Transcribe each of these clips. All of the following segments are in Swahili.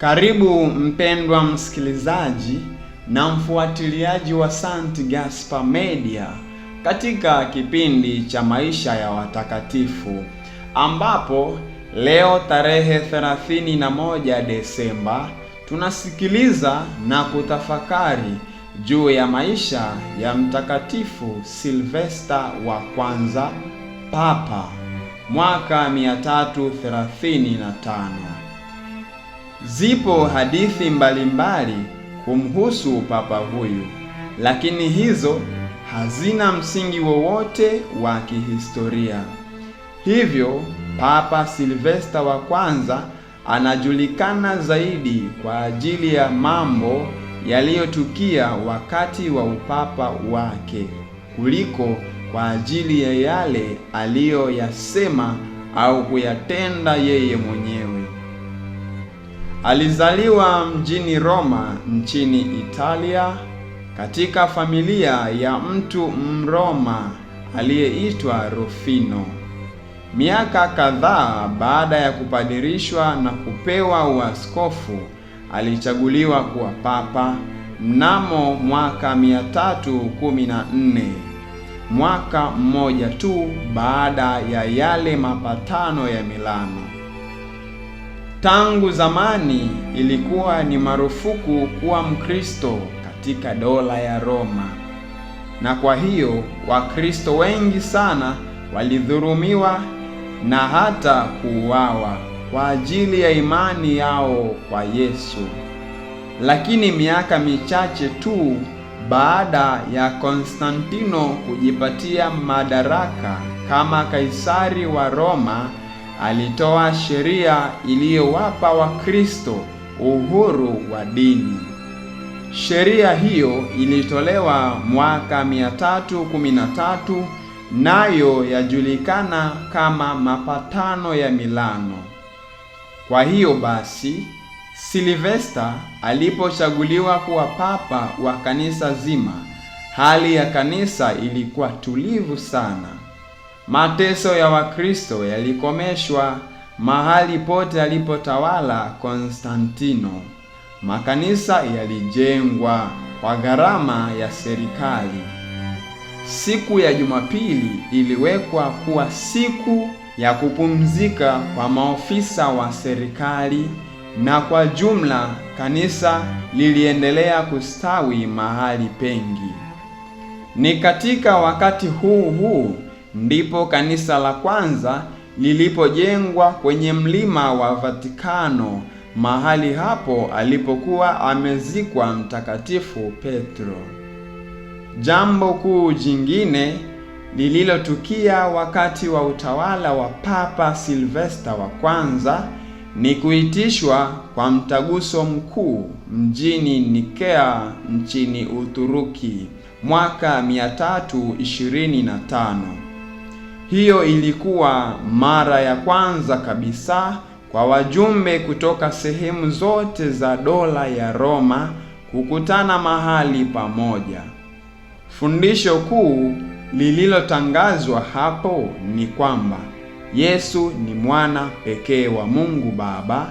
Karibu mpendwa msikilizaji na mfuatiliaji wa St. Gaspar Media katika kipindi cha maisha ya watakatifu ambapo leo tarehe 31 Desemba tunasikiliza na kutafakari juu ya maisha ya Mtakatifu Silvesta wa kwanza Papa mwaka 335. Zipo hadithi mbalimbali kumhusu papa huyu, lakini hizo hazina msingi wowote wa kihistoria. Hivyo Papa Silvesta wa kwanza anajulikana zaidi kwa ajili ya mambo yaliyotukia wakati wa upapa wake kuliko kwa ajili ya yale aliyoyasema au kuyatenda yeye mwenyewe. Alizaliwa mjini Roma nchini Italia katika familia ya mtu Mroma aliyeitwa Rufino. Miaka kadhaa baada ya kupadirishwa na kupewa uaskofu, alichaguliwa kuwa papa mnamo mwaka 314, mwaka mmoja tu baada ya yale mapatano ya Milano. Tangu zamani ilikuwa ni marufuku kuwa Mkristo katika dola ya Roma, na kwa hiyo Wakristo wengi sana walidhulumiwa na hata kuuawa kwa ajili ya imani yao kwa Yesu. Lakini miaka michache tu baada ya Konstantino kujipatia madaraka kama Kaisari wa Roma alitoa sheria iliyowapa Wakristo uhuru wa dini. Sheria hiyo ilitolewa mwaka 313 nayo yajulikana kama mapatano ya Milano. Kwa hiyo basi, silivesta alipochaguliwa kuwa papa wa kanisa zima, hali ya kanisa ilikuwa tulivu sana. Mateso ya Wakristo yalikomeshwa mahali pote alipotawala Konstantino. Makanisa yalijengwa kwa gharama ya serikali. Siku ya Jumapili iliwekwa kuwa siku ya kupumzika kwa maofisa wa serikali, na kwa jumla kanisa liliendelea kustawi mahali pengi. Ni katika wakati huu huu ndipo kanisa la kwanza lilipojengwa kwenye mlima wa Vatikano, mahali hapo alipokuwa amezikwa Mtakatifu Petro. Jambo kuu jingine lililotukia wakati wa utawala wa Papa Silvesta wa kwanza ni kuitishwa kwa mtaguso mkuu mjini Nikea nchini Uturuki mwaka 325. Hiyo ilikuwa mara ya kwanza kabisa kwa wajumbe kutoka sehemu zote za dola ya Roma kukutana mahali pamoja. Fundisho kuu lililotangazwa hapo ni kwamba Yesu ni mwana pekee wa Mungu Baba,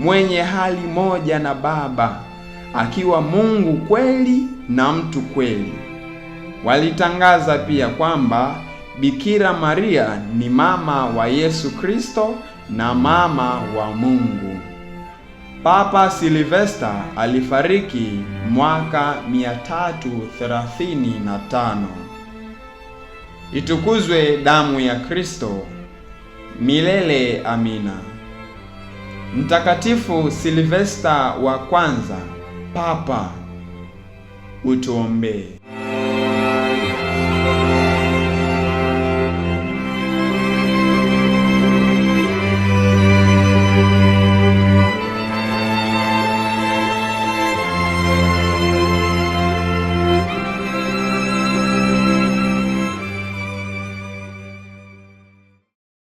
mwenye hali moja na Baba, akiwa Mungu kweli na mtu kweli. Walitangaza pia kwamba Bikira Maria ni mama wa Yesu Kristo na mama wa Mungu. Papa Silvesta alifariki mwaka 335. Itukuzwe damu ya Kristo! Milele amina. Mtakatifu Silvesta wa kwanza, Papa, utuombee.